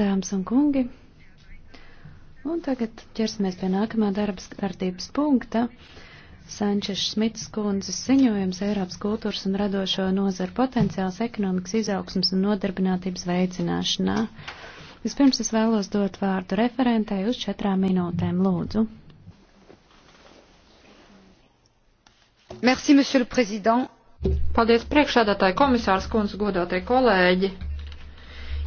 Dāmas un kungi, un tagad ķersimies pie nākamā darbas kārtības punkta. Sančes Šmits kundzes ziņojums Eiropas kultūras un radošo nozaru potenciāls ekonomikas izaugsmas un nodarbinātības veicināšanā. Vispirms es vēlos dot vārdu referentai uz četrām minūtēm, lūdzu. Merci, monsieur le président. Paldies priekšādātāji komisārs kundze, godātie kolēģi.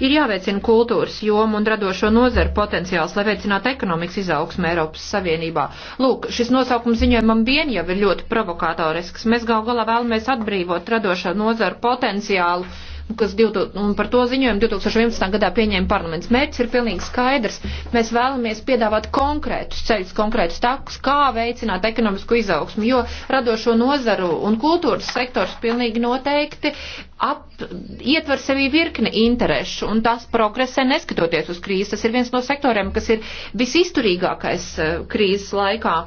Ir jāveicina kultūras jomu un radošo nozaru potenciāls, lai veicinātu ekonomikas izaugsmu Eiropas Savienībā. Lūk, šis nosaukums ziņojumam vien jau ir ļoti provokatorisks. Mēs gal galā vēlamies atbrīvot radošo nozaru potenciālu kas 2000, un par to ziņojumu 2011. gadā pieņēma parlaments. Mērķis ir pilnīgi skaidrs. Mēs vēlamies piedāvāt konkrētus ceļus, konkrētus takus, kā veicināt ekonomisku izaugsmu, jo radošo nozaru un kultūras sektors pilnīgi noteikti ap, ietver sevī virkni interešu, un tas progresē neskatoties uz krīzes. Tas ir viens no sektoriem, kas ir visizturīgākais eh, krīzes laikā.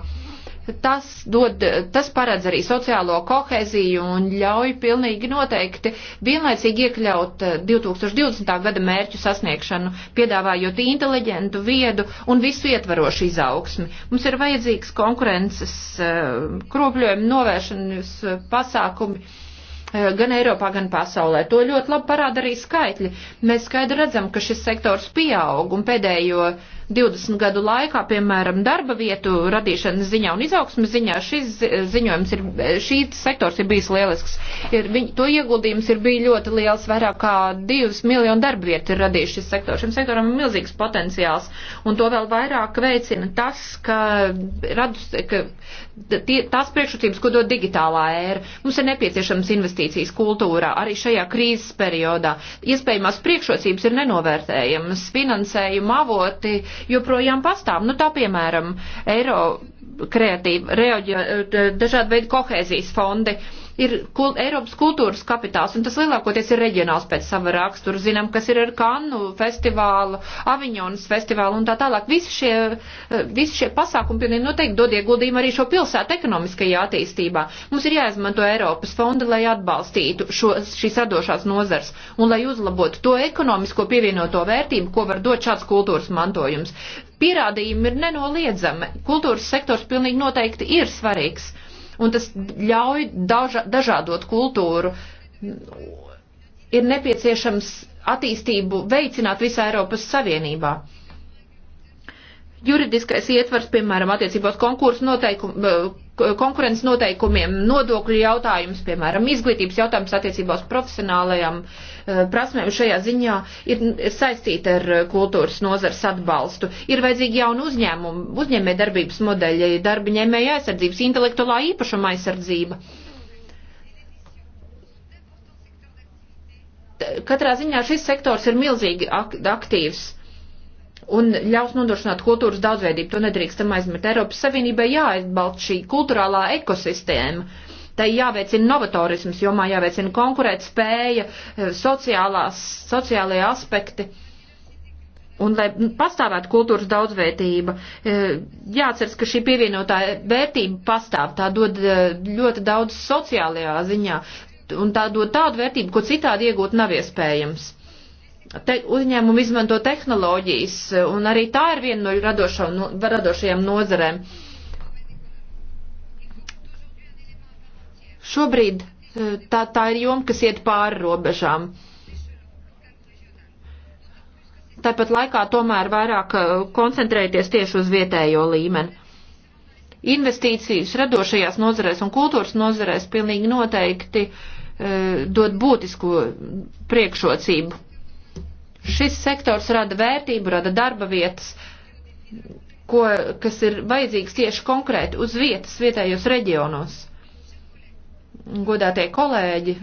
Tas, dod, tas paredz arī sociālo koheziju un ļauj pilnīgi noteikti vienlaicīgi iekļaut 2020. Eh, gada mērķu sasniegšanu, piedāvājot inteliģentu, viedu un visu ietvarošu izaugsmi. Mums ir vajadzīgs konkurences eh, kropļojumu novēršanas eh, pasākumi gan Eiropā, gan pasaulē. To ļoti labi parāda arī skaitļi. Mēs skaidri redzam, ka šis sektors pieaug un pēdējo uh, 20 gadu laikā, piemēram, darba vietu radīšanas ziņā un izaugsmas ziņā, šis ziņojums ir, šīs sektors ir bijis lielisks. Ir, viņ, to ieguldījums ir bijis ļoti liels, vairāk kā 2 miljonu darba vietu ir radījis šis sektors. Šim sektoram ir milzīgs potenciāls un to vēl vairāk veicina tas, ka, radus, ka tie, tās priekšrocības, ko dod digitālā ēra, mums ir nepieciešams investīcijas kultūrā, arī šajā krīzes periodā. Iespējamās priekšrocības ir nenovērtējamas, finansējuma avoti joprojām pastāv. Nu, tā piemēram, eiro kreatīva, dažādi veidi kohēzijas fondi. Uh, ir kul Eiropas kultūras kapitāls, un tas lielākoties ir reģionāls pēc sava rakstura. Zinām, kas ir ar Kannu festivālu, Aviņonas festivālu un tā tālāk. Visi šie, eh, visi šie pasākumi pilnīgi noteikti dod ieguldījumu arī šo pilsētu ekonomiskajā attīstībā. Mums ir jāizmanto Eiropas fonda, lai atbalstītu šo, šīs radošās nozars un lai uzlabotu to ekonomisko pievienoto vērtību, ko var dot šāds kultūras mantojums. Pierādījumi ir nenoliedzami. Kultūras sektors pilnīgi noteikti ir svarīgs un tas ļauj daža, dažādot kultūru. Ir nepieciešams attīstību veicināt visā Eiropas Savienībā. Juridiskais ietvars, piemēram, attiecībā uz konkursu noteikumu konkurences noteikumiem, nodokļu jautājums, piemēram, izglītības jautājums attiecībā uz profesionālajām eh, prasmēm šajā ziņā ir, ir saistīta ar eh, kultūras nozars atbalstu. Ir vajadzīgi jauni uzņēmumi, uzņēmē darbības modeļi, darbiņēmēja aizsardzības, intelektuālā īpašuma aizsardzība. Katrā ziņā šis sektors ir milzīgi aktīvs un ļaus nodrošināt kultūras daudzveidību. To nedrīkstam aizmirst. Eiropas Savienībai jāatbalsta šī kultūrālā ekosistēma. Tai jāveicina novatorisms, jomā jāveicina konkurētspēja, eh, sociālajie aspekti. Un, lai pastāvētu kultūras daudzveidība, eh, jāatceras, ka šī pievienotā vērtība pastāv. Tā dod eh, ļoti daudz sociālajā ziņā, un tā dod tādu vērtību, ko citādi iegūt nav iespējams te, uzņēmumi izmanto tehnoloģijas, un arī tā ir viena no radošo, no, radošajām nozarēm. Šobrīd e, tā, tā ir joma, kas iet pāri robežām. Tāpat laikā tomēr vairāk e, koncentrēties tieši uz vietējo līmeni. Investīcijas radošajās nozarēs un kultūras nozarēs pilnīgi noteikti uh, dod būtisku priekšrocību Šis sektors rada vērtību, rada darba vietas, ko, kas ir vajadzīgs tieši konkrēti uz vietas, vietējos reģionos. Godātie kolēģi,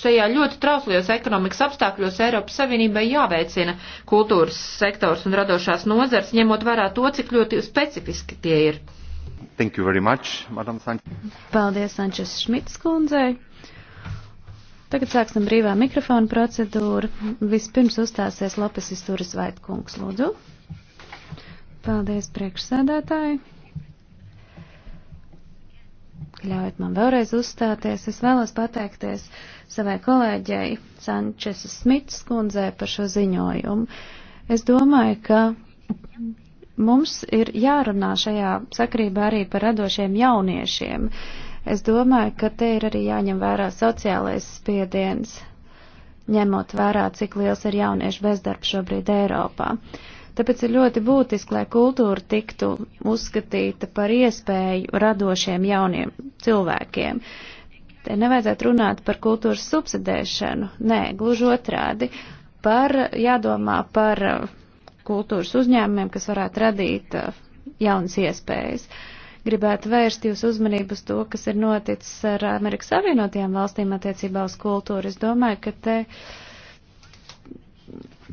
šajā ļoti trauslajos ekonomikas apstākļos Eiropas Savienībai jāveicina kultūras sektors un radošās nozars, ņemot vērā to, cik ļoti specifiski tie ir. Thank you very much, Madam Sanchez. Paldies, Sančes Šmits kundzei. Tagad sāksim brīvā mikrofona procedūru. Vispirms uzstāsies Lopes Isturis Vaitkungs, lūdzu. Paldies, priekšsēdētāji. Ļaujiet man vēlreiz uzstāties. Es vēlos pateikties savai kolēģei Sančesa Smits kundzē par šo ziņojumu. Es domāju, ka mums ir jārunā šajā sakrībā arī par radošiem jauniešiem. Uh, Es domāju, ka te ir arī jāņem vērā sociālais spiediens, ņemot vērā, cik liels ir jauniešu bezdarbs šobrīd Eiropā. Tāpēc ir ļoti būtiski, lai kultūra tiktu uzskatīta par iespēju radošiem jauniem cilvēkiem. Te nevajadzētu runāt par kultūras subsidēšanu, nē, gluži otrādi, par jādomā par uh, kultūras uzņēmumiem, kas varētu radīt uh, jaunas iespējas. Uh, gribētu vērst jūs uzmanību uz to, kas ir noticis ar Amerikas Savienotajām valstīm attiecībā uz kultūru. Es domāju, ka te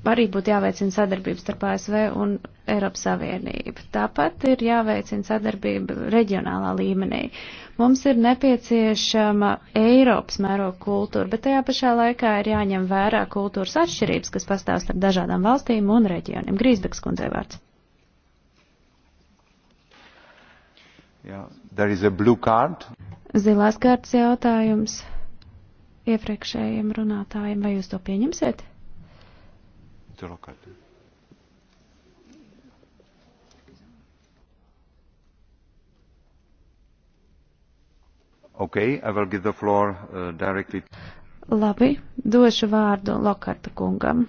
arī būtu jāveicina sadarbības starp ASV un Eiropas Savienību. Tāpat ir jāveicina sadarbība reģionālā līmenī. Mums ir nepieciešama Eiropas mēroga kultūra, bet tajā pašā laikā ir jāņem vērā kultūras atšķirības, kas pastāv starp dažādām valstīm un reģioniem. Grīsbeks kundzei vārds. Yeah. Zilās kārtas jautājums iepriekšējiem runātājiem. Vai jūs to pieņemsiet? Turklāt. Okay, I will give the floor uh, directly. Labi, došu vārdu Lokarta kungam.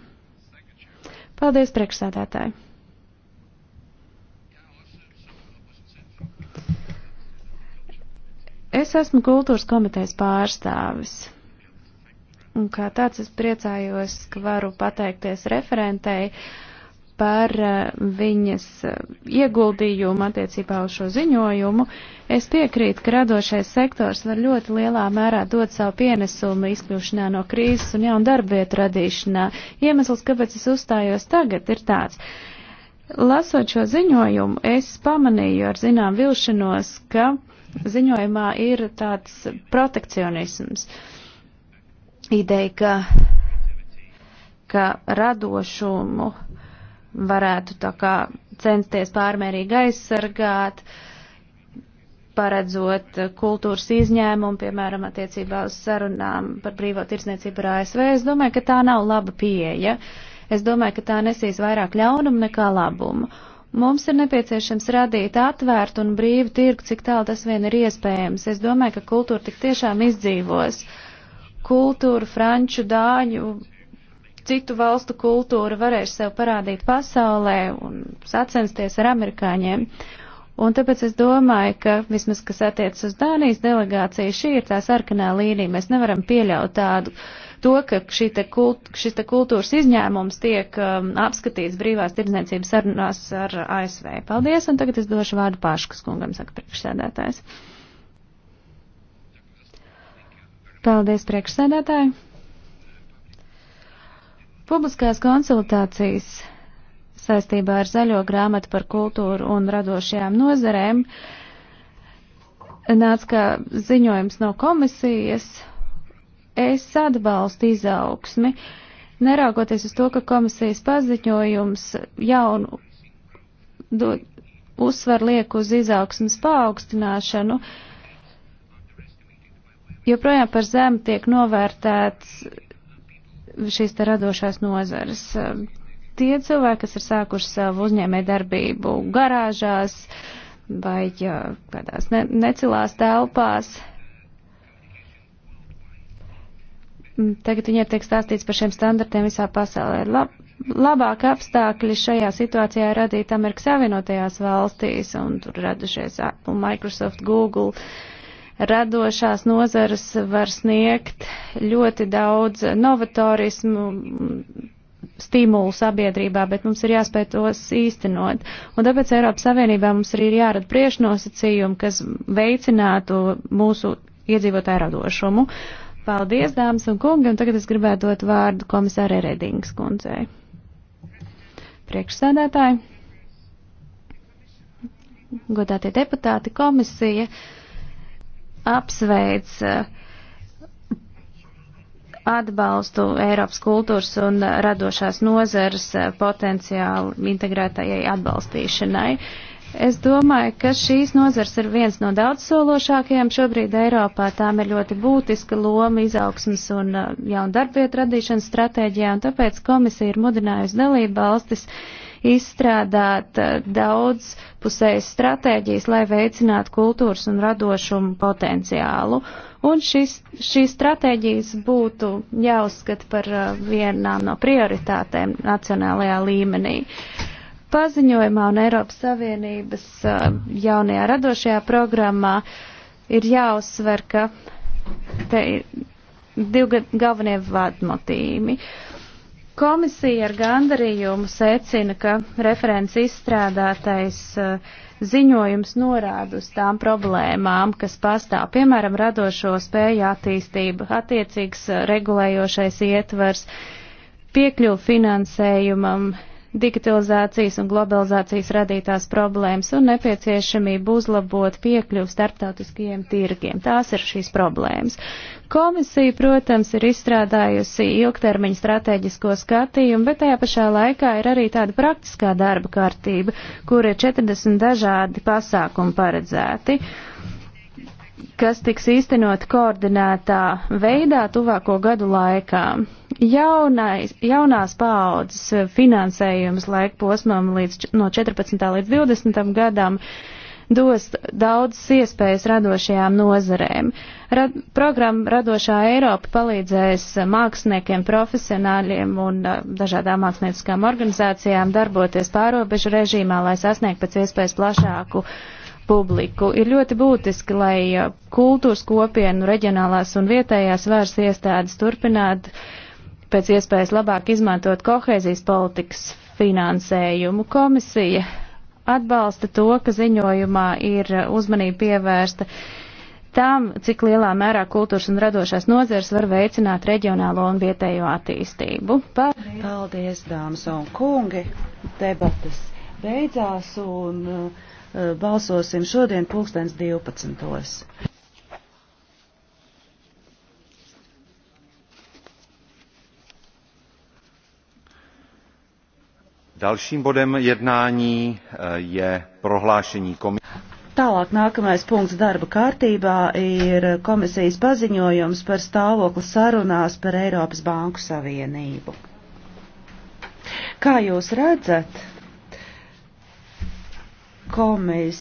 Paldies, priekšsēdētāji! Es esmu kultūras komitejas pārstāvis. Un kā tāds es priecājos, ka varu pateikties referentei par eh, viņas eh, ieguldījumu attiecībā uz šo ziņojumu. Es piekrītu, ka radošais sektors var ļoti lielā mērā dot savu pienesumu izkļūšanā no krīzes un jaunu darbvietu radīšanā. Iemesls, kāpēc es uzstājos tagad, ir tāds. Lasot šo ziņojumu, es pamanīju ar zinām vilšanos, ka ziņojumā ir tāds protekcionisms. Ideja, ka, ka radošumu varētu tā kā censties pārmērīgi aizsargāt, paredzot kultūras izņēmumu, piemēram, attiecībā uz sarunām par brīvo tirsniecību ar ASV. Es domāju, ka tā nav laba pieeja. Uh, Es domāju, ka tā nesīs vairāk ļaunumu nekā labumu. Mums ir nepieciešams radīt atvērtu un brīvu tirgu, cik tālu tas vien ir iespējams. Es domāju, ka kultūra tik tiešām izdzīvos. Kultūra, franču, dāņu, citu valstu kultūra varēs sev parādīt pasaulē un sacensties ar amerikāņiem. Un tāpēc es domāju, ka vismaz, kas attiecas uz Dānijas delegāciju, šī ir tā sarkanā līnija. Mēs nevaram pieļaut tādu uh, to, ka kult, šis te kultūras izņēmums tiek um, apskatīts brīvās tirdzniecības sarunās ar ASV. Paldies, un tagad es došu vārdu Paškas kungam, saka priekšsēdētājs. Paldies, priekšsēdētāji. Publiskās konsultācijas saistībā ar zaļo grāmatu par kultūru un radošajām nozerēm nāca kā ziņojums no komisijas Es atbalstu izaugsmi, neraugoties uz to, ka komisijas paziņojums jaunu dod, uzsver liek uz izaugsmas paaugstināšanu, joprojām par zemu tiek novērtēts šīs te radošās nozares. Tie cilvēki, kas ir sākuši savu uzņēmē darbību garāžās vai ja, kādās ne, necilās telpās, Mm, tagad viņiem tiek stāstīts par šiem standartiem visā pasaulē. Lab, labāk apstākļi šajā situācijā radīta Amerikas Savienotajās valstīs, un tur radušies Apple, Microsoft, Google. Radošās nozares var sniegt ļoti daudz novatorismu, stimulu sabiedrībā, bet mums ir jāspēj tos īstenot. Un tāpēc Eiropas Savienībā mums arī ir jārada priešnosacījumi, kas veicinātu mūsu iedzīvotāju radošumu. Paldies, dāmas un kungi, un tagad es gribētu dot vārdu komisārai Redingas kundzei. Priekšsēdētāji, godātie deputāti, komisija apsveic uh, atbalstu Eiropas kultūras un radošās nozares uh, potenciāli integrētajai atbalstīšanai. Uh, Es domāju, ka šīs nozars ir viens no daudzsološākajiem šobrīd Eiropā. Tām ir ļoti būtiska loma izaugsmas un uh, jaunu darbvietu radīšanas stratēģijā, un tāpēc komisija ir mudinājusi dalību valstis izstrādāt uh, daudz pusējas stratēģijas, lai veicinātu kultūras un radošumu potenciālu. Un šis, šīs stratēģijas būtu jāuzskata par uh, vienām no prioritātēm nacionālajā līmenī. Uh, paziņojumā un Eiropas Savienības jaunajā radošajā programmā ir jāuzsver, ka te ir divi galvenie vadmotīvi. Komisija ar gandarījumu secina, ka referents izstrādātais ziņojums norāda uz tām problēmām, kas pastāv, piemēram, radošo spēju attīstība, attiecīgs regulējošais ietvers, piekļuvu finansējumam, digitalizācijas un globalizācijas radītās problēmas un nepieciešamību uzlabot piekļuvu starptautiskajiem tirgiem. Tās ir šīs problēmas. Komisija, protams, ir izstrādājusi ilgtermiņa strateģisko skatījumu, bet tajā pašā laikā ir arī tāda praktiskā darba kārtība, kur ir 40 dažādi pasākumi paredzēti. Uh, kas tiks īstenot koordinētā veidā tuvāko gadu laikā. Jaunais, jaunās paaudzes finansējums laika posmam līdz, no 14. līdz 20. gadam dos daudzas iespējas radošajām nozarēm. Rad, programma Radošā Eiropa palīdzēs māksliniekiem, profesionāļiem un dažādām mākslinieckām organizācijām darboties pārobežu režīmā, lai sasniegtu pēc iespējas plašāku uh, publiku. Ir ļoti būtiski, lai uh, kultūras kopienu, reģionālās un vietējās vērs iestādes turpinātu pēc iespējas labāk izmantot kohēzijas politikas finansējumu. Komisija atbalsta to, ka ziņojumā ir uh, uzmanība pievērsta tam, cik lielā mērā kultūras un radošās nozars var veicināt reģionālo un vietējo attīstību. Paldies, Paldies dāmas un kungi! Debates beidzās un uh, Eh, balsosim šodien pulkstens 12. Dalším bodem jednání eh, je prohlášení komise. Tālāk nākamais punkts darba kārtībā ir komisijas paziņojums par stāvokli sarunās par Eiropas Banku Savienību. Kā jūs redzat, komis